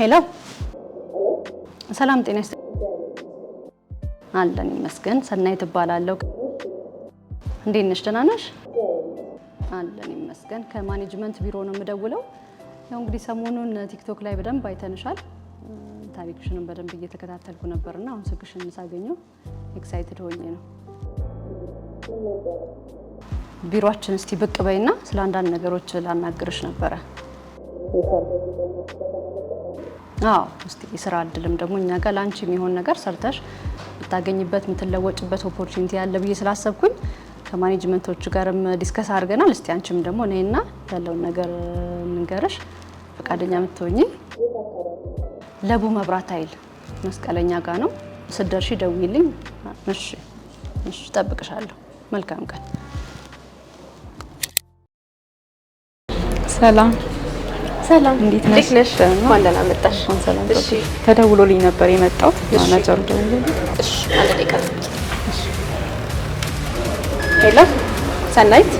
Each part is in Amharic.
ሄሎ፣ ሰላም ጤና ይስጥ አለን። ይመስገን። ሰናይ ትባላለሁ። እንዴት ነሽ? ደህና ነሽ? አለን ይመስገን። ከማኔጅመንት ቢሮ ነው የምደውለው። ያው እንግዲህ ሰሞኑን ቲክቶክ ላይ በደንብ አይተንሻል። ታሪክሽንም በደንብ እየተከታተልኩ ነበርና አሁን ስልክሽን ሳገኘው ኤክሳይትድ ሆኜ ነው። ቢሮአችን እስቲ ብቅ በይና ስለ አንዳንድ ነገሮች ላናግርሽ ነበረ። አዎ እስቲ የስራ እድልም ደግሞ እኛ ጋር ለአንቺ የሚሆን ነገር ሰርተሽ የምታገኝበት የምትለወጭበት ኦፖርቹኒቲ ያለ ብዬ ስላሰብኩኝ ከማኔጅመንቶቹ ጋርም ዲስከስ አድርገናል። እስቲ አንቺም ደግሞ እኔና ያለውን ነገር እንንገርሽ ፈቃደኛ የምትሆኝ ለቡ መብራት ኃይል መስቀለኛ ጋ ነው። ስደርሺ ደውይልኝ። እሺ፣ እሺ፣ እጠብቅሻለሁ። መልካም ቀን። ሰላም ሰላም እንዴት ነሽ? እንኳን ደህና መጣሽ። ሰላም እሺ። ተደውሎልኝ ነበር የመጣሁት ማናጀሩ ደውሎ። እሺ ሄሎ ሰናይት።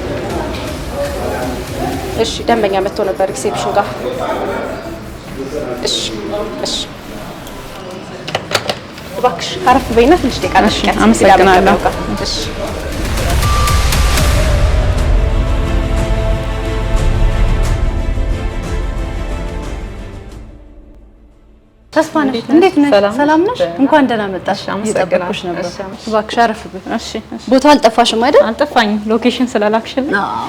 እሺ ደንበኛ መጥቶ ነበር ሪሴፕሽን ጋር። እሺ እሺ። እባክሽ አረፍ በይና ትንሽ ደቂቃ። እሺ አመሰግናለሁ። እሺ ተስፋ ነሽ፣ እንዴት ነሽ? ሰላም ነሽ? እንኳን ደህና መጣሽ። እየጠበኩሽ ነበር። እባክሽ አረፍ ብለሽ። እሺ፣ ቦታ አልጠፋሽም አይደል? አልጠፋኝም። ሎኬሽን ስላላክሽልኝ። አዎ፣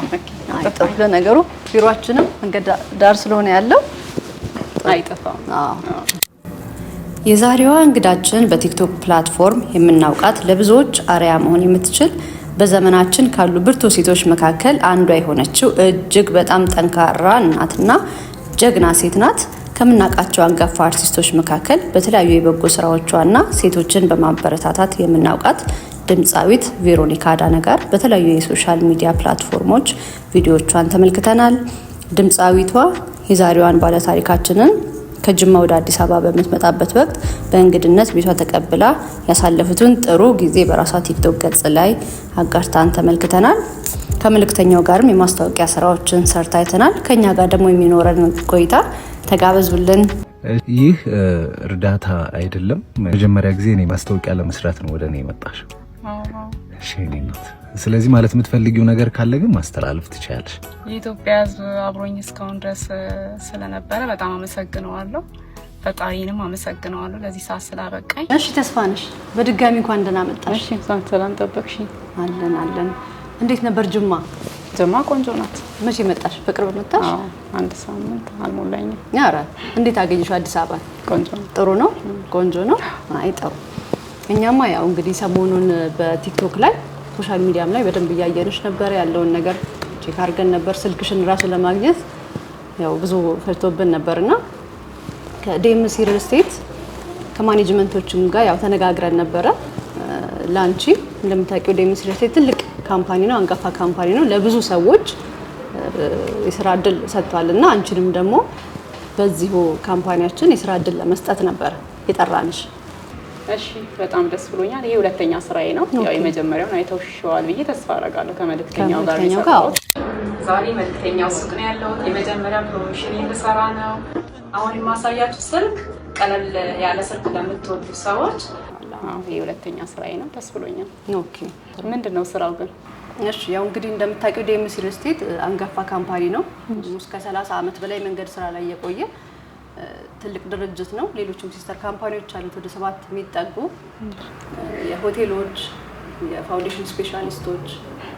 አይጠፋም። ለነገሩ ቢሮአችንም መንገድ ዳር ስለሆነ ያለው አይጠፋም። አዎ። የዛሬዋ እንግዳችን በቲክቶክ ፕላትፎርም የምናውቃት ለብዙዎች አርያ መሆን የምትችል በዘመናችን ካሉ ብርቱ ሴቶች መካከል አንዷ የሆነችው እጅግ በጣም ጠንካራ እናትና ጀግና ሴት ናት። ከምናውቃቸው አንጋፋ አርቲስቶች መካከል በተለያዩ የበጎ ስራዎቿና ሴቶችን በማበረታታት የምናውቃት ድምፃዊት ቬሮኒካ አዳነ ጋር በተለያዩ የሶሻል ሚዲያ ፕላትፎርሞች ቪዲዮቿን ተመልክተናል። ድምፃዊቷ የዛሬዋን ባለታሪካችንን ከጅማ ወደ አዲስ አበባ በምትመጣበት ወቅት በእንግድነት ቤቷ ተቀብላ ያሳለፉትን ጥሩ ጊዜ በራሷ ቲክቶክ ገጽ ላይ አጋርታን ተመልክተናል። ከመልእክተኛው ጋርም የማስታወቂያ ስራዎችን ሰርታ አይተናል። ከእኛ ጋር ደግሞ የሚኖረን ቆይታ ተጋበዙልን። ይህ እርዳታ አይደለም። መጀመሪያ ጊዜ እኔ ማስታወቂያ ለመስራት ነው ወደ እኔ የመጣሽው። ስለዚህ ማለት የምትፈልጊው ነገር ካለ ግን ማስተላለፍ ትችላለሽ። የኢትዮጵያ ሕዝብ አብሮኝ እስካሁን ድረስ ስለነበረ በጣም አመሰግነዋለሁ። ፈጣሪንም አመሰግነዋለሁ ለዚህ ሰዓት ስላበቃኝ። እሺ ተስፋ ነሽ። በድጋሚ እንኳን ደህና መጣሽ። ሰላም ጠበቅሽ። አለን አለን እንዴት ነበር ጅማ? ጅማ ቆንጆ ናት። መቼ መጣሽ? በቅርብ መጣሽ? አንድ ሳምንት አልሞላኝም። ኧረ እንዴት አገኘሽው አዲስ አበባ ቆንጆ ጥሩ ነው። ቆንጆ ነው። አይ ጥሩ። እኛማ ያው እንግዲህ ሰሞኑን በቲክቶክ ላይ ሶሻል ሚዲያም ላይ በደንብ እያየንሽ ነበር። ያለውን ነገር ቼክ አድርገን ነበር። ስልክሽን ራሱ ለማግኘት ያው ብዙ ፈጅቶብን ነበርና ከዴምሲ ሪል ስቴት ከማኔጅመንቶችም ጋር ያው ተነጋግረን ነበረ። ላንቺ እንደምታውቂው ዴምሲ ሪል ስቴት ትልቅ ካምፓኒ ነው፣ አንጋፋ ካምፓኒ ነው። ለብዙ ሰዎች የስራ እድል ሰጥቷል እና አንቺንም ደግሞ በዚሁ ካምፓኒያችን የስራ እድል ለመስጠት ነበር የጠራንሽ። እሺ በጣም ደስ ብሎኛል። ይሄ ሁለተኛ ስራዬ ነው። ያው የመጀመሪያውን አይተውሽዋል ብዬ ተስፋ አደርጋለሁ። ከመልክተኛው ጋር ነው። ዛሬ መልክተኛው ሱቅ ነው ያለሁት። የመጀመሪያ ፕሮሞሽን የምሰራ ነው። አሁን የማሳያችሁ ስልክ ቀለል ያለ ስልክ ለምትወዱ ሰዎች የሁለተኛ ስራዬ ነው። ደስ ብሎኛል። ኦኬ ምንድን ነው ስራው ግን? እሺ ያው እንግዲህ እንደምታውቂው ዴምስ ሪል ስቴት አንጋፋ ካምፓኒ ነው። እስከ 30 ዓመት በላይ መንገድ ስራ ላይ የቆየ ትልቅ ድርጅት ነው። ሌሎችም ሲስተር ካምፓኒዎች አሉት ወደ ሰባት የሚጠጉ የሆቴሎች፣ የፋውንዴሽን ስፔሻሊስቶች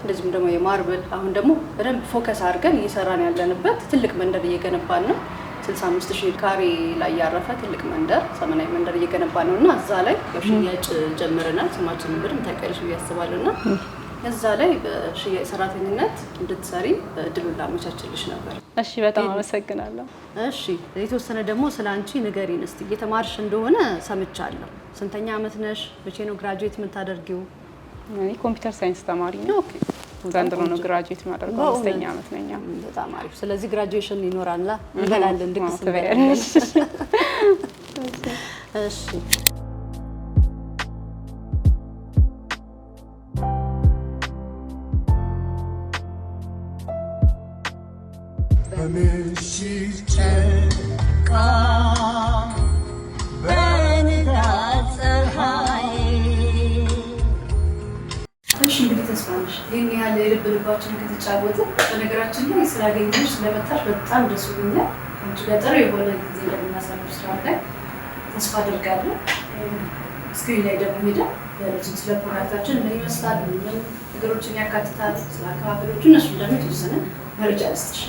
እንደዚሁም ደግሞ የማርበል አሁን ደግሞ በደንብ ፎከስ አድርገን እየሰራን ያለንበት ትልቅ መንደር እየገነባን ነው። 65 ሺህ ካሬ ላይ ያረፈ ትልቅ መንደር ዘመናዊ መንደር እየገነባ ነው እና እዛ ላይ ሽያጭ ጀምረናል። ስማችን ብድም ታውቂያለሽ ብዬ እና እዛ ላይ በሽያጭ ሰራተኝነት እንድትሰሪ እድሉ ላመቻችልሽ ነበር። እሺ፣ በጣም አመሰግናለሁ። እሺ፣ የተወሰነ ደግሞ ስለ አንቺ ንገሪን እስኪ። እየተማርሽ እንደሆነ ሰምቻለሁ። ስንተኛ ዓመት ነሽ? መቼ ነው ግራጁዌት የምታደርጊው? ኮምፒውተር ሳይንስ ተማሪ ነው። ዘንድሮ ነው ግራጁዌት ማደርገው አምስተኛ አመት ነኛ። በጣም አሪፍ። ስለዚህ ግራጁዌሽን ይኖራላ፣ እንበላለን፣ ድግስ እንበላለን። እሺ በምሽት ጨረቃ ይህን ያህል የልብ ልባችን ከተጫወተ በነገራችን ላይ ስራ ስላገኘሽ ስለመጣሽ በጣም ደስ ብሎኛል። አንቺ ጋር ጥሩ የሆነ ጊዜ እንደምናሳልፍ ስራ ላይ ተስፋ አደርጋለሁ። ስክሪን ላይ ደግሞ ሄደ ያሉትን ስለ ፕሮዳክታችን ምን ይመስላል፣ ምን ነገሮችን ያካትታል፣ ስለ አካባቢዎቹ እነሱ ደግሞ የተወሰነ መረጃ ልስጥሽ።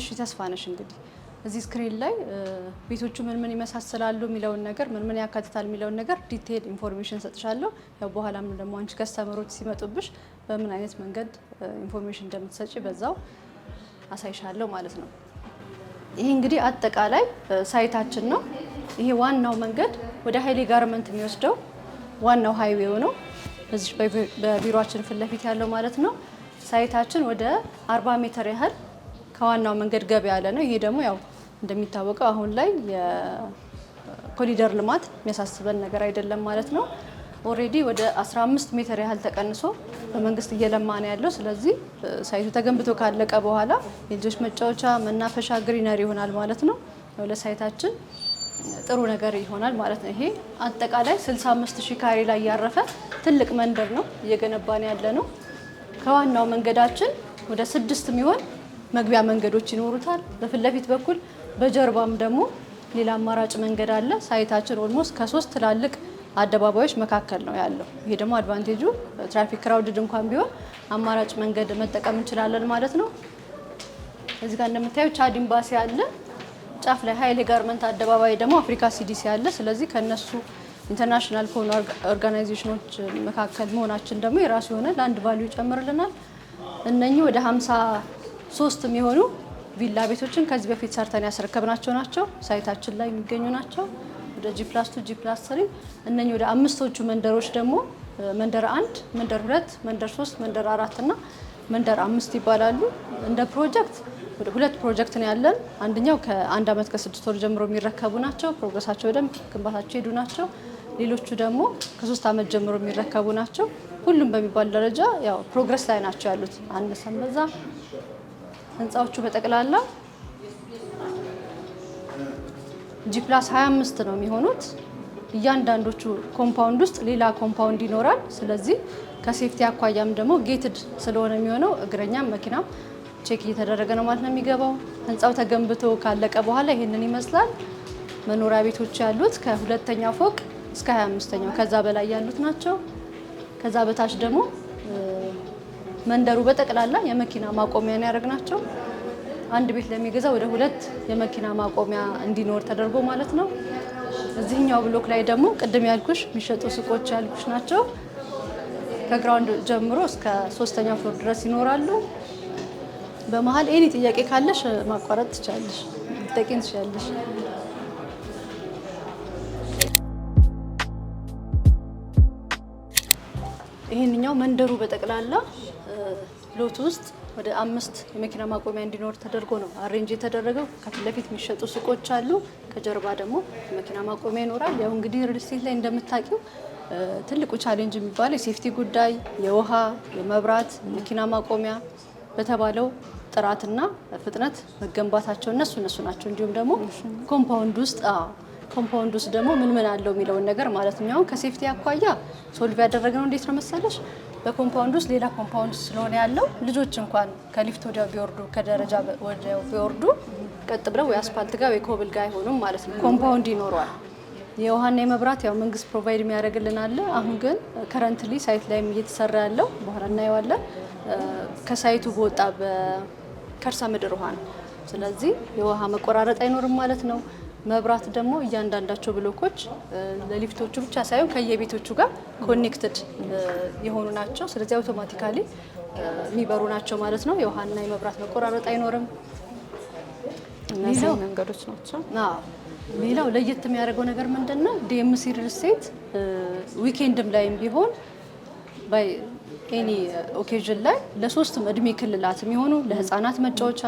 እሺ ተስፋ ነሽ እንግዲህ እዚህ ስክሪን ላይ ቤቶቹ ምን ምን ይመሳሰላሉ የሚለውን ነገር ምን ምን ያካትታል የሚለውን ነገር ዲቴይል ኢንፎርሜሽን ሰጥሻለሁ። ያው በኋላም ደግሞ አንቺ ከስተመሮች ሲመጡብሽ በምን አይነት መንገድ ኢንፎርሜሽን እንደምትሰጪ በዛው አሳይሻለሁ ማለት ነው። ይሄ እንግዲህ አጠቃላይ ሳይታችን ነው። ይሄ ዋናው መንገድ ወደ ሀይሌ ጋርመንት የሚወስደው ዋናው ሀይዌው ነው። በዚህ በቢሮችን ፊት ለፊት ያለው ማለት ነው። ሳይታችን ወደ 40 ሜትር ያህል ከዋናው መንገድ ገብ ያለ ነው። ይሄ ደግሞ ያው እንደሚታወቀው አሁን ላይ የኮሪደር ልማት የሚያሳስበን ነገር አይደለም ማለት ነው። ኦሬዲ ወደ 15 ሜትር ያህል ተቀንሶ በመንግስት እየለማ ነው ያለው። ስለዚህ ሳይቱ ተገንብቶ ካለቀ በኋላ የልጆች መጫወቻ፣ መናፈሻ ግሪነር ይሆናል ማለት ነው። ለሳይታችን ጥሩ ነገር ይሆናል ማለት ነው። ይሄ አጠቃላይ 65 ሺህ ካሬ ላይ ያረፈ ትልቅ መንደር ነው እየገነባ ነው ያለ ነው። ከዋናው መንገዳችን ወደ ስድስት የሚሆን መግቢያ መንገዶች ይኖሩታል። በፊት ለፊት በኩል በጀርባም ደግሞ ሌላ አማራጭ መንገድ አለ። ሳይታችን ኦልሞስት ከሶስት ትላልቅ አደባባዮች መካከል ነው ያለው። ይሄ ደግሞ አድቫንቴጁ ትራፊክ ክራውድድ እንኳን ቢሆን አማራጭ መንገድ መጠቀም እንችላለን ማለት ነው። እዚህ ጋር እንደምታዩ ቻድ አለ። ጫፍ ላይ ሀይሌ ጋርመንት አደባባይ ደግሞ አፍሪካ ሲዲሲ አለ። ስለዚህ ከነሱ ኢንተርናሽናል ከሆኑ ኦርጋናይዜሽኖች መካከል መሆናችን ደግሞ የራሱ የሆነ ለአንድ ቫሊዩ ይጨምርልናል። እነኚህ ወደ 53 የሚሆኑ ቪላ ቤቶችን ከዚህ በፊት ሰርተን ያስረከብናቸው ናቸው። ሳይታችን ላይ የሚገኙ ናቸው። ወደ ፕላስ ቱ ጂፕላስ ስሪ እነኚህ ወደ አምስቶቹ መንደሮች ደግሞ መንደር አንድ፣ መንደር ሁለት፣ መንደር ሶስት፣ መንደር አራት እና መንደር አምስት ይባላሉ። እንደ ፕሮጀክት ወደ ሁለት ፕሮጀክት ነው ያለን። አንደኛው ከአንድ አመት ከስድስት ወር ጀምሮ የሚረከቡ ናቸው። ፕሮግረሳቸው በደንብ ግንባታቸው ሄዱ ናቸው። ሌሎቹ ደግሞ ከሶስት አመት ጀምሮ የሚረከቡ ናቸው። ሁሉም በሚባል ደረጃ ያው ፕሮግረስ ላይ ናቸው ያሉት። አነሰን በዛ ህንፃዎቹ በጠቅላላ ጂፕላስ 25 ነው የሚሆኑት። እያንዳንዶቹ ኮምፓውንድ ውስጥ ሌላ ኮምፓውንድ ይኖራል። ስለዚህ ከሴፍቲ አኳያም ደግሞ ጌትድ ስለሆነ የሚሆነው እግረኛም መኪናም ቼክ እየተደረገ ነው ማለት ነው የሚገባው። ህንፃው ተገንብቶ ካለቀ በኋላ ይህንን ይመስላል። መኖሪያ ቤቶች ያሉት ከሁለተኛ ፎቅ እስከ 25ኛው ከዛ በላይ ያሉት ናቸው። ከዛ በታች ደግሞ መንደሩ በጠቅላላ የመኪና ማቆሚያ ነው ያደረግናቸው። አንድ ቤት ለሚገዛ ወደ ሁለት የመኪና ማቆሚያ እንዲኖር ተደርጎ ማለት ነው። እዚህኛው ብሎክ ላይ ደግሞ ቅድም ያልኩሽ የሚሸጡ ሱቆች ያልኩሽ ናቸው። ከግራውንድ ጀምሮ እስከ ሶስተኛ ፍሎር ድረስ ይኖራሉ። በመሀል ኤኒ ጥያቄ ካለሽ ማቋረጥ ትቻለሽ፣ ጠቂን ትችላለሽ። ይህንኛው መንደሩ በጠቅላላ ሎት ውስጥ ወደ አምስት የመኪና ማቆሚያ እንዲኖር ተደርጎ ነው አሬንጅ የተደረገው። ከፊት ለፊት የሚሸጡ ሱቆች አሉ፣ ከጀርባ ደግሞ የመኪና ማቆሚያ ይኖራል። ያው እንግዲህ ሪልስቴት ላይ እንደምታውቂው ትልቁ ቻሌንጅ የሚባለው የሴፍቲ ጉዳይ፣ የውሃ፣ የመብራት፣ መኪና ማቆሚያ በተባለው ጥራትና ፍጥነት መገንባታቸው እነሱ እነሱ ናቸው። እንዲሁም ደግሞ ኮምፓውንድ ውስጥ ኮምፓውንድ ውስጥ ደግሞ ምን ምን አለው የሚለውን ነገር ማለት ነው። አሁን ከሴፍቲ አኳያ ሶልቭ ነው እንዴት ነው መሰለሽ በኮምፓውንድ ውስጥ ሌላ ኮምፓውንድ ስለሆነ ያለው ልጆች እንኳን ከሊፍት ወዲያው ቢወርዱ ከደረጃ ወዲያው ቢወርዱ ቀጥ ብለው ወይ አስፋልት ጋር ወይ ኮብል ጋር አይሆኑም ማለት ነው። ኮምፓውንድ ይኖረዋል። የውሃና የመብራት ያው መንግስት ፕሮቫይድ የሚያደርግልን አለ። አሁን ግን ከረንትሊ ሳይት ላይም እየተሰራ ያለው በኋላ እናየዋለን ከሳይቱ በወጣ በከርሰ ምድር ውሃ ነው። ስለዚህ የውሃ መቆራረጥ አይኖርም ማለት ነው። መብራት ደግሞ እያንዳንዳቸው ብሎኮች ለሊፍቶቹ ብቻ ሳይሆን ከየቤቶቹ ጋር ኮኔክትድ የሆኑ ናቸው። ስለዚህ አውቶማቲካሊ የሚበሩ ናቸው ማለት ነው። የውሃና የመብራት መቆራረጥ አይኖርም። እነዚህ መንገዶች ናቸው። ሌላው ለየት የሚያደርገው ነገር ምንድን ነው? ዲኤምሲ ሪል ዊኬንድም ላይም ቢሆን ኤኒ ኦኬዥን ላይ ለሶስቱም እድሜ ክልላት የሚሆኑ ለህፃናት መጫወቻ፣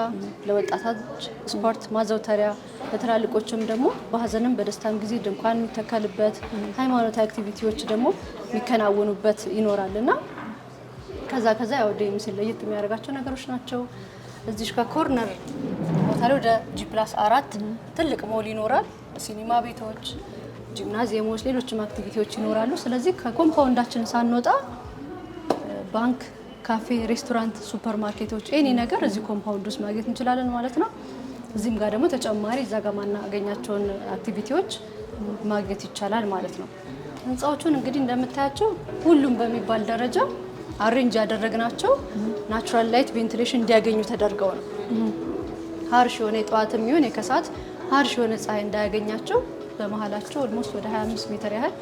ለወጣቶች ስፖርት ማዘውተሪያ፣ ለትላልቆችም ደግሞ በሀዘንም በደስታም ጊዜ ድንኳን የሚተከልበት ሃይማኖታዊ አክቲቪቲዎች ደግሞ የሚከናወኑበት ይኖራል እና ከዛ ከዛ ያው ደም ለየት የሚያደርጋቸው ነገሮች ናቸው። እዚሽ ከኮርነር ቦታ ላይ ወደ ጂ ፕላስ አራት ትልቅ ሞል ይኖራል። ሲኒማ ቤቶች፣ ጂምናዚየሞች፣ ሌሎችም አክቲቪቲዎች ይኖራሉ። ስለዚህ ከኮምፓውንዳችን ሳንወጣ ባንክ፣ ካፌ፣ ሬስቶራንት፣ ሱፐር ማርኬቶች ኤኒ ነገር እዚህ ኮምፓውንድ ውስጥ ማግኘት እንችላለን ማለት ነው። እዚህም ጋር ደግሞ ተጨማሪ እዛ ጋር ማናገኛቸውን አክቲቪቲዎች ማግኘት ይቻላል ማለት ነው። ህንፃዎቹን እንግዲህ እንደምታያቸው ሁሉም በሚባል ደረጃ አሬንጅ ያደረግናቸው ናቹራል ላይት ቬንቲሌሽን እንዲያገኙ ተደርገው ነው። ሀርሽ የሆነ የጠዋትም ይሁን የከሰዓት ሀርሽ የሆነ ፀሐይ እንዳያገኛቸው በመሀላቸው ኦልሞስት ወደ 25 ሜትር ያህል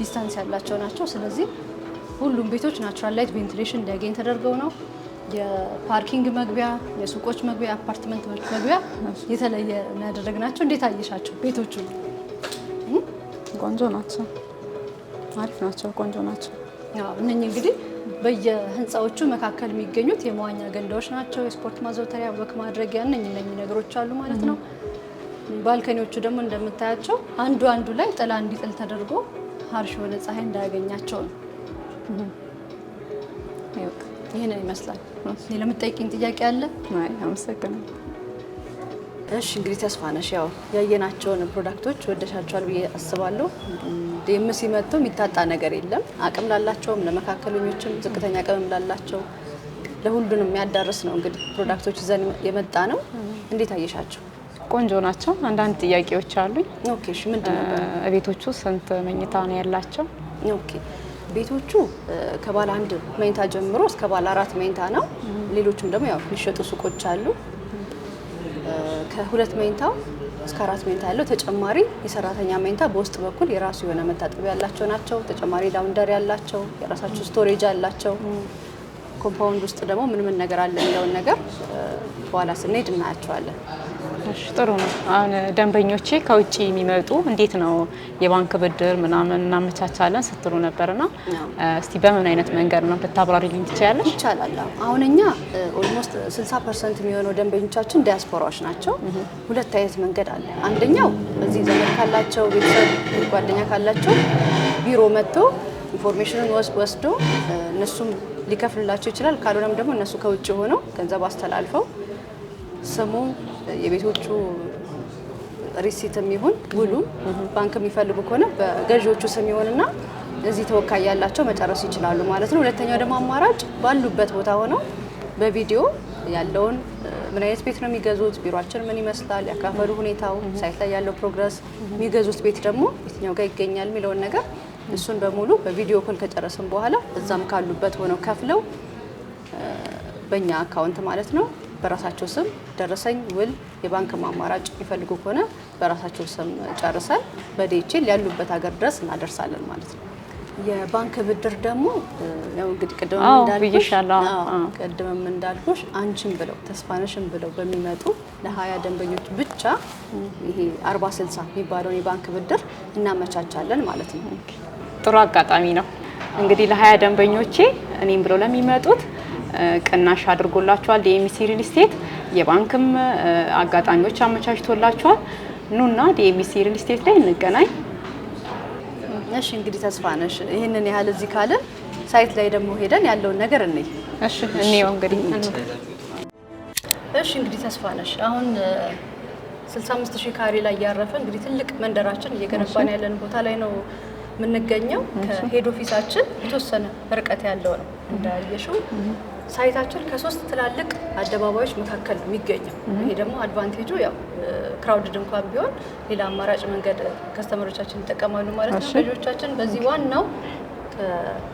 ዲስታንስ ያላቸው ናቸው። ስለዚህ ሁሉም ቤቶች ናቹራል ላይት ቬንቲሌሽን እንዲያገኝ ተደርገው ነው። የፓርኪንግ መግቢያ፣ የሱቆች መግቢያ፣ የአፓርትመንት መግቢያ የተለየ ናቸው። እንዴት አየሻቸው ቤቶቹ? ቆንጆ ናቸው፣ አሪፍ ናቸው፣ ቆንጆ ናቸው። እነኚህ እንግዲህ በየህንፃዎቹ መካከል የሚገኙት የመዋኛ ገንዳዎች ናቸው። የስፖርት ማዘውተሪያ፣ ወክ ማድረጊያ እነኚህ እነኚህ ነገሮች አሉ ማለት ነው። ባልከኒዎቹ ደግሞ እንደምታያቸው አንዱ አንዱ ላይ ጥላ እንዲጥል ተደርጎ ሀርሽ የሆነ ፀሐይ እንዳያገኛቸው ነው። ይህንን ይመስላል። ለምጠይቅኝ ጥያቄ አለ? አመሰግናለሁ። እሺ እንግዲህ ተስፋ ነሽ ያው ያየናቸውን ፕሮዳክቶች ወደሻቸዋል ብዬ አስባለሁ። ደም ሲመጡ የሚታጣ ነገር የለም። አቅም ላላቸውም፣ ለመካከለኞችም፣ ዝቅተኛ አቅምም ላላቸው ለሁሉንም የሚያዳርስ ነው። እንግዲህ ፕሮዳክቶች ይዘን የመጣ ነው። እንዴት አየሻቸው? ቆንጆ ናቸው። አንዳንድ ጥያቄዎች አሉኝ። ኦኬ እሺ፣ ምንድን ቤቶቹ ስንት መኝታ ነው ያላቸው? ኦኬ ቤቶቹ ከባለ አንድ መኝታ ጀምሮ እስከ ባለ አራት መኝታ ነው። ሌሎችም ደግሞ ያው የሚሸጡ ሱቆች አሉ። ከሁለት መኝታው እስከ አራት መኝታ ያለው ተጨማሪ የሰራተኛ መኝታ በውስጥ በኩል የራሱ የሆነ መታጠቢያ ያላቸው ናቸው። ተጨማሪ ላውንደሪ ያላቸው፣ የራሳቸው ስቶሬጅ አላቸው። ኮምፓውንድ ውስጥ ደግሞ ምን ምን ነገር አለ የሚለውን ነገር በኋላ ስንሄድ እናያቸዋለን። ጥሩ ነው። አሁን ደንበኞቼ ከውጭ የሚመጡ እንዴት ነው የባንክ ብድር ምናምን እናመቻቻለን ስትሉ ነበርና እስቲ በምን አይነት መንገድ ነው ልታብራሪልኝ ትችያለሽ? ይቻላል። አሁን እኛ ኦልሞስት 60 ፐርሰንት የሚሆነው ደንበኞቻችን ዲያስፖራዎች ናቸው። ሁለት አይነት መንገድ አለ። አንደኛው እዚህ ዘመድ ካላቸው ቤተሰብ፣ ጓደኛ ካላቸው ቢሮ መጥቶ ኢንፎርሜሽንን ወስዶ እነሱም ሊከፍልላቸው ይችላል። ካልሆነም ደግሞ እነሱ ከውጭ ሆነው ገንዘብ አስተላልፈው ስሙ የቤቶቹ ሪሲትም ይሁን ውሉ ባንክ የሚፈልጉ ከሆነ በገዢዎቹ ስም ይሆንና እዚህ ተወካይ ያላቸው መጨረስ ይችላሉ ማለት ነው። ሁለተኛው ደግሞ አማራጭ ባሉበት ቦታ ሆነው በቪዲዮ ያለውን ምን አይነት ቤት ነው የሚገዙት፣ ቢሮችን ምን ይመስላል፣ ያካፈሉ ሁኔታው፣ ሳይት ላይ ያለው ፕሮግረስ፣ የሚገዙት ቤት ደግሞ የትኛው ጋር ይገኛል የሚለውን ነገር እሱን በሙሉ በቪዲዮ ኮል ከጨረስን በኋላ እዛም ካሉበት ሆነው ከፍለው በእኛ አካውንት ማለት ነው በራሳቸው ስም ደረሰኝ፣ ውል፣ የባንክ ማማራጭ ይፈልጉ ከሆነ በራሳቸው ስም ጨርሰን በዴችል ያሉበት ሀገር ድረስ እናደርሳለን ማለት ነው። የባንክ ብድር ደግሞ ያው እንግዲህ ቅድምም እንዳልኩሽ አንቺን ብለው ተስፋነሽን ብለው በሚመጡ ለሀያ ደንበኞች ብቻ ይሄ አርባ ስልሳ የሚባለውን የባንክ ብድር እናመቻቻለን ማለት ነው። ጥሩ አጋጣሚ ነው እንግዲህ ለሀያ ደንበኞቼ እኔም ብለው ለሚመጡት ቅናሽ አድርጎላቸዋል። ዲኤምሲ ሪል ስቴት የባንክም አጋጣሚዎች አመቻችቶላቸዋል። ኑና ዲኤምሲ ሪል ስቴት ላይ እንገናኝ። እሺ እንግዲህ ተስፋ ነሽ ይህንን ያህል እዚህ ካለ ሳይት ላይ ደግሞ ሄደን ያለውን ነገር እንይ። እሺ እንየው እንግዲህ። እሺ እንግዲህ ተስፋ ነሽ አሁን 65 ሺህ ካሬ ላይ ያረፈ እንግዲህ ትልቅ መንደራችን እየገነባን ያለን ቦታ ላይ ነው የምንገኘው። ከሄድ ኦፊሳችን የተወሰነ ርቀት ያለው ነው እንዳየሽው ሳይታችን ከሶስት ትላልቅ አደባባዮች መካከል ነው የሚገኘው። ይሄ ደግሞ አድቫንቴጁ ያው ክራውድድ እንኳን ቢሆን ሌላ አማራጭ መንገድ ከስተመሮቻችን ይጠቀማሉ ማለት ነው። ልጆቻችን በዚህ ዋናው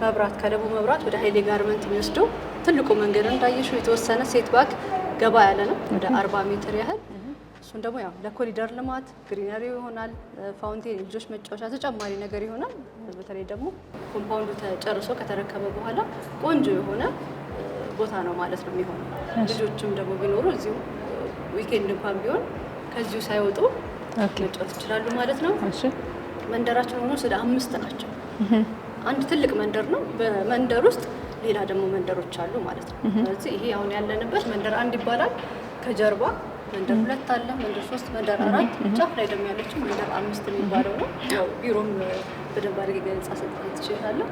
መብራት ከደቡብ መብራት ወደ ሀይሌ ጋርመንት የሚወስደው ትልቁ መንገድ እንዳየሽው የተወሰነ ሴት ባክ ገባ ያለ ነው ወደ አርባ ሜትር ያህል እሱን ደግሞ ያው ለኮሪደር ልማት ግሪነሪ ይሆናል። ፋውንቴን ልጆች መጫወቻ ተጨማሪ ነገር ይሆናል። በተለይ ደግሞ ኮምፓውንዱ ተጨርሶ ከተረከበ በኋላ ቆንጆ የሆነ ቦታ ነው ማለት ነው የሚሆነው። ልጆችም ደግሞ ቢኖሩ እዚሁ ዊኬንድ እንኳን ቢሆን ከዚሁ ሳይወጡ መጫወት ይችላሉ ማለት ነው። መንደራችን ሆኖ ስለ አምስት ናቸው። አንድ ትልቅ መንደር ነው። በመንደር ውስጥ ሌላ ደግሞ መንደሮች አሉ ማለት ነው። ስለዚህ ይሄ አሁን ያለንበት መንደር አንድ ይባላል። ከጀርባ መንደር ሁለት አለ፣ መንደር ሶስት፣ መንደር አራት፣ ጫፍ ላይ ደግሞ ያለችው መንደር አምስት የሚባለው ነው። ቢሮም በደንብ አድርጌ ገለጻ ሰጥ ትችላለሁ።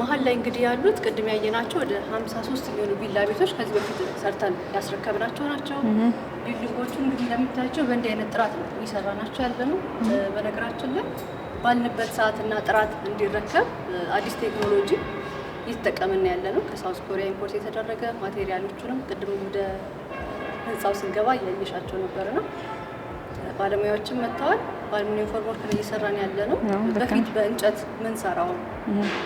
መሀል ላይ እንግዲህ ያሉት ቅድም ያየናቸው ወደ ሀምሳ ሶስት የሚሆኑ ቪላ ቤቶች ከዚህ በፊት ሰርተን ያስረከብናቸው ናቸው። ቢልዲንጎቹ እንግዲህ እንደምታያቸው በእንዲህ አይነት ጥራት ነው እየሰራናቸው ያለ ነው። በነገራችን ላይ ባልንበት ሰዓትና ጥራት እንዲረከብ አዲስ ቴክኖሎጂ እየተጠቀምን ያለ ነው። ከሳውስ ኮሪያ ኢምፖርት የተደረገ ማቴሪያሎቹንም ቅድም ወደ ህንፃው ስንገባ እያየሻቸው ነበር ነው ባለሙያዎችም መጥተዋል። በአልሙኒየም ፎርምወርክ እየሰራን ያለ ነው። በፊት በእንጨት ምንሰራውን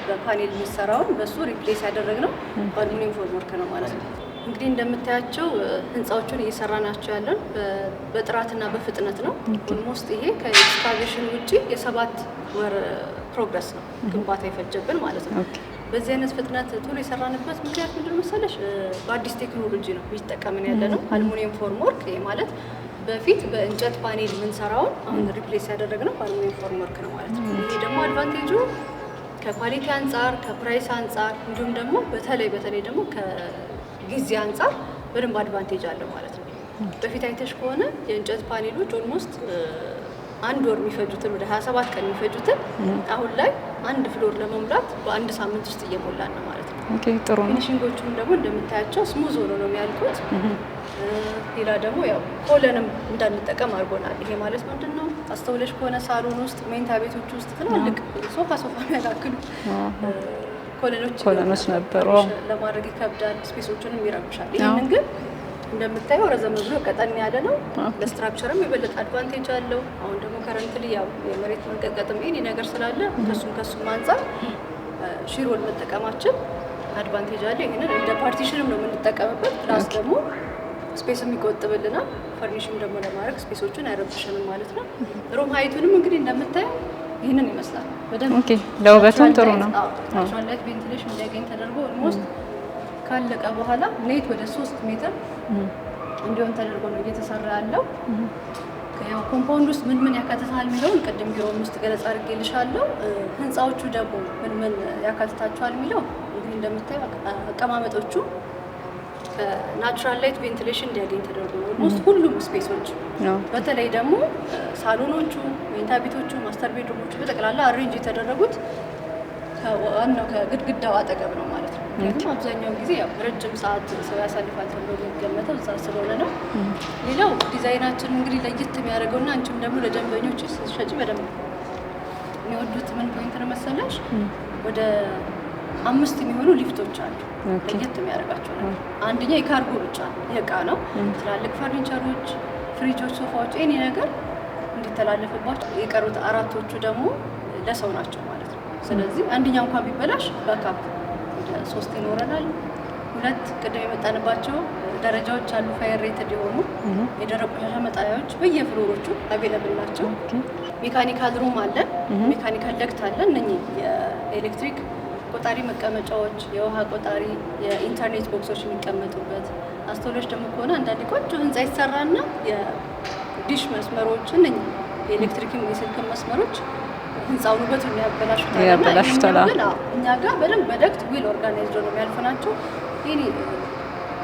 በፓኔል የሚሰራውን በእሱ ሪፕሌስ ያደረግ ያደረግነው በአልሙኒየም ፎርምወርክ ነው ማለት ነው። እንግዲህ እንደምታያቸው ህንፃዎቹን እየሰራ ናቸው ያለን በጥራትና በፍጥነት ነው። ኦልሞስት ይሄ ከኤክስካቬሽን ውጭ የሰባት ወር ፕሮግረስ ነው ግንባታ የፈጀብን ማለት ነው። በዚህ አይነት ፍጥነት ቶሎ የሰራንበት ምክንያት ምንድን መሰለሽ? በአዲስ ቴክኖሎጂ ነው የሚጠቀምን ያለ ነው። አልሙኒየም ፎርምወርክ ማለት በፊት በእንጨት ፓኔል የምንሰራውን አሁን ሪፕሌስ ያደረግነው በአሉሚኒየም ፎርም ወርክ ነው ማለት ነው። ይሄ ደግሞ አድቫንቴጁ ከኳሊቲ አንጻር፣ ከፕራይስ አንጻር እንዲሁም ደግሞ በተለይ በተለይ ደግሞ ከጊዜ አንጻር በደንብ አድቫንቴጅ አለው ማለት ነው። በፊት አይተሽ ከሆነ የእንጨት ፓኔሎች ኦልሞስት አንድ ወር የሚፈጁትን ወደ 27 ቀን የሚፈጁትን አሁን ላይ አንድ ፍሎር ለመሙላት በአንድ ሳምንት ውስጥ እየሞላን ነው ማለት ነው። ኦኬ ጥሩ ነው። ደግሞ እንደምታያቸው ስሙዝ ሆኖ ነው የሚያልቁት። ሌላ ደግሞ ያው ኮለንም እንዳንጠቀም አድርጎናል። ይሄ ማለት ምንድን ነው? አስተውለሽ ከሆነ ሳሎን ውስጥ መኝታ ቤቶች ውስጥ ትላልቅ ሶፋ ሶፋ ያላክሉ ኮለኖች ነበሩ። ለማድረግ ይከብዳል፣ ስፔሶችንም ይረብሻል። ይህንን ግን እንደምታየው ረዘም ብሎ ቀጠን ያለ ነው። ለስትራክቸርም የበለጠ አድቫንቴጅ አለው። አሁን ደግሞ ከረንትሊ ያው የመሬት መንቀጥቀጥም ይሄን ነገር ስላለ ከሱም ከሱም አንጻር ሺሮን መጠቀማችን አድቫንቴጅ አለ። ይህንን እንደ ፓርቲሽንም ነው የምንጠቀምበት ፕላስ ደግሞ ስፔስም ይቆጥብልናል። ፈርኒሽም ደግሞ ለማድረግ ስፔሶቹን አይረብሽንም ማለት ነው። ሩም ሀይቱንም እንግዲህ እንደምታየው ይህንን ይመስላል። በደንብ ለውበቱም ጥሩ ነው። ላይት ቬንቲሌሽን እንዲያገኝ ተደርጎ ኦልሞስት ካለቀ በኋላ ሌት ወደ ሶስት ሜትር እንዲሆን ተደርጎ ነው እየተሰራ ያለው። ያው ኮምፓውንድ ውስጥ ምን ምን ያካትታል የሚለውን ቅድም ቢሮም ውስጥ ገለጻ አድርጌልሻለሁ። ህንፃዎቹ ደግሞ ምን ምን ያካትታቸዋል የሚለው እንግዲህ እንደምታየው አቀማመጦቹ ናቹራል ላይት ቬንትሌሽን እንዲያገኝ ተደርጎ ነው። ኦልሞስት ሁሉም ስፔሶች በተለይ ደግሞ ሳሎኖቹ፣ መኝታ ቤቶቹ፣ ማስተር ቤድሮሞቹ በጠቅላላ አሬንጅ የተደረጉት ዋናው ከግድግዳው አጠገብ ነው ማለት ነው። ምክንያቱም አብዛኛውን ጊዜ ረጅም ሰዓት ሰው ያሳልፋል ተብሎ የሚገመተው እዛ ስለሆነ ነው። ሌላው ዲዛይናችን እንግዲህ ለየት የሚያደርገው እና አንቺም ደግሞ ለደንበኞች ስትሸጪ በደንብ የሚወዱት ምን ፖይንት ነው መሰለሽ ወደ አምስት የሚሆኑ ሊፍቶች አሉ። ለየት የሚያደርጋቸው ነው የካርጎ ብቻ የእቃ ነው። ትላልቅ ፈርኒቸሮች፣ ፍሪጆች፣ ሶፋዎች ይኔ ነገር እንዲተላለፍባቸው፣ የቀሩት አራቶቹ ደግሞ ለሰው ናቸው ማለት ነው። ስለዚህ አንደኛ እንኳን ቢበላሽ በካፕ ወደ ሶስት ይኖረናል። ሁለት ቅድም የመጣንባቸው ደረጃዎች አሉ። ፋየር ሬትድ የሆኑ የደረቅ ቆሻሻ መጣያዎች በየፍሎሮቹ አቬለብል ናቸው። ሜካኒካል ሩም አለን። ሜካኒካል ደክት አለን። እነኚህ የኤሌክትሪክ ቆጣሪ መቀመጫዎች፣ የውሃ ቆጣሪ፣ የኢንተርኔት ቦክሶች የሚቀመጡበት አስተውሎች ደግሞ ከሆነ አንዳንድ ቆንጆ ህንፃ ይሰራና የዲሽ መስመሮች መስመሮችን የኤሌክትሪክ የስልክን መስመሮች ህንፃውን ውበት የሚያበላሹታል። እኛ ጋር በደንብ በደግት ዊል ኦርጋናይዝድ ነው የሚያልፉ ናቸው። ይህ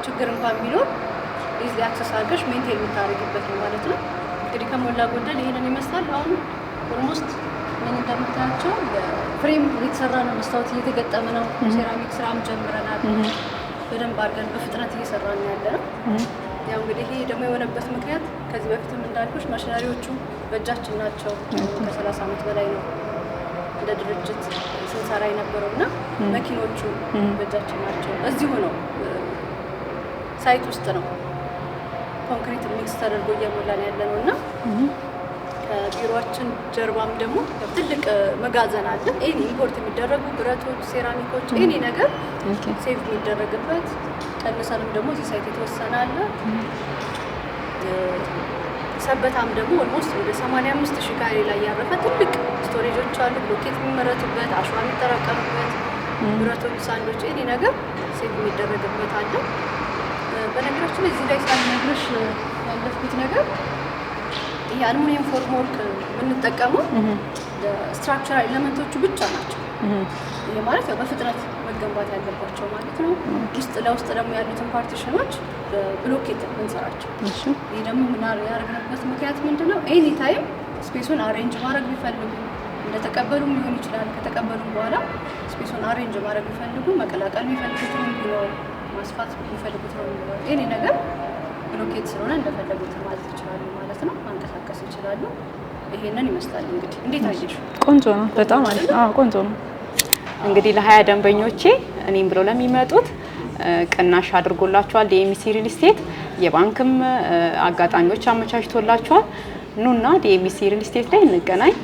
ችግር እንኳን ቢኖር ኢዚ አክሰስ አድርገሽ ሜንቴን የምታደርግበት ነው ማለት ነው። እንግዲህ ከሞላ ጎደል ይህንን ይመስላል አሁን ኦልሞስት ምን እንደምታያቸው ፍሬም እየተሰራ ነው፣ መስታወት እየተገጠመ ነው። ሴራሚክ ስራም ጀምረናል። በደንብ አድርገን በፍጥነት እየሰራ ነው ያለ ነው። ያው እንግዲህ ይሄ ደግሞ የሆነበት ምክንያት ከዚህ በፊትም እንዳልኩሽ ማሽናሪዎቹ በእጃችን ናቸው። ከሰላሳ ዓመት በላይ ነው እንደ ድርጅት ስንሰራ የነበረው እና መኪኖቹ በእጃችን ናቸው። እዚሁ ነው ሳይት ውስጥ ነው ኮንክሪት ሚክስ ተደርጎ እየሞላን ያለ ነው እና ከቢሮችን ጀርባም ደግሞ ትልቅ መጋዘን አለ። ይህ ኢምፖርት የሚደረጉ ብረቶች፣ ሴራሚኮች፣ ይህ ነገር ሴቭ የሚደረግበት ቀንሰንም ደግሞ እዚህ ሳይት የተወሰነ አለ። ሰበታም ደግሞ ኦልሞስት ወደ 85 ሺህ ካሬ ላይ ያረፈ ትልቅ ስቶሬጆች አሉ። ብሎኬት የሚመረቱበት፣ አሸዋ የሚጠራቀምበት፣ ብረቶች፣ ሳንዶች፣ ይህ ነገር ሴቭ የሚደረግበት አለ። በነገራችን እዚህ ላይ ሳልነግርሽ ያለፍኩት ነገር የአልሙኒየም አልሙኒየም ወርክ የምንጠቀመው ስትራክቸራል ኤሌመንቶቹ ብቻ ናቸው። ይሄ ማለት ያው በፍጥነት መገንባት ያለባቸው ማለት ነው። ውስጥ ለውስጥ ደግሞ ያሉትን ፓርቲሽኖች ብሎኬት እንሰራቸው። ይህ ደግሞ ያደረግንበት ምክንያት ምንድን ነው? ኤኒ ታይም ስፔሱን አሬንጅ ማድረግ ቢፈልጉ እንደተቀበሉም ሊሆን ይችላል። ከተቀበሉ በኋላ ስፔሱን አሬንጅ ማድረግ ቢፈልጉ መቀላቀል የሚፈልጉት ነው የሚለው ማስፋት የሚፈልጉት ነው የሚለው ኤኒ ነገር ብሎኬት ስለሆነ እንደፈለጉት ማለት ይችላሉ። ይችላሉ። ይሄንን ይመስላል እንግዲህ። እንዴት አየሽ? ቆንጆ ነው፣ በጣም አሪፍ አዎ ቆንጆ ነው። እንግዲህ ለሀያ ደንበኞቼ እኔም ብለው ለሚመጡት ቅናሽ አድርጎላቸዋል። ዲኤምሲ ሪል ስቴት የባንክም አጋጣሚዎች አመቻችቶላቸዋል። ኑና ዲኤምሲ ሪል ስቴት ላይ እንገናኝ።